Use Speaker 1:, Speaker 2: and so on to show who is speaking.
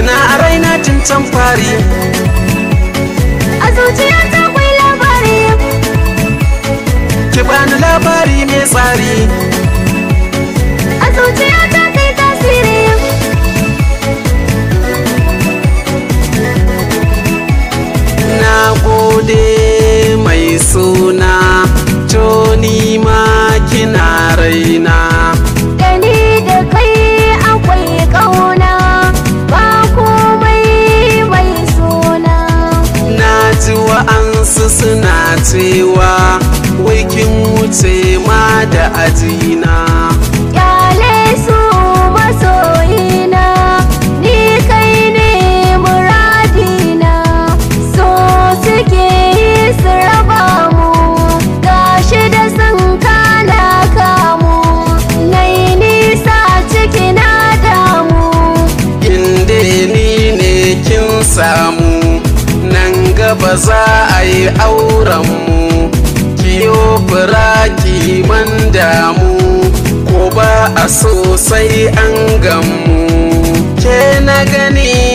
Speaker 1: kina a raina tuntun can fari a ta kwai labari ki bani labari mai tsari tsewa wai kin wuce ma da ajina
Speaker 2: kyale su masoyina ni kai ne muradina so suke yi su raba mu gashi da sun kana kamu
Speaker 1: nai nisa ciki na damu inda ni ne kin samu gaba za a yi aurenmu kiyo fura kiman damu ko ba a sosai an gammu ke na gani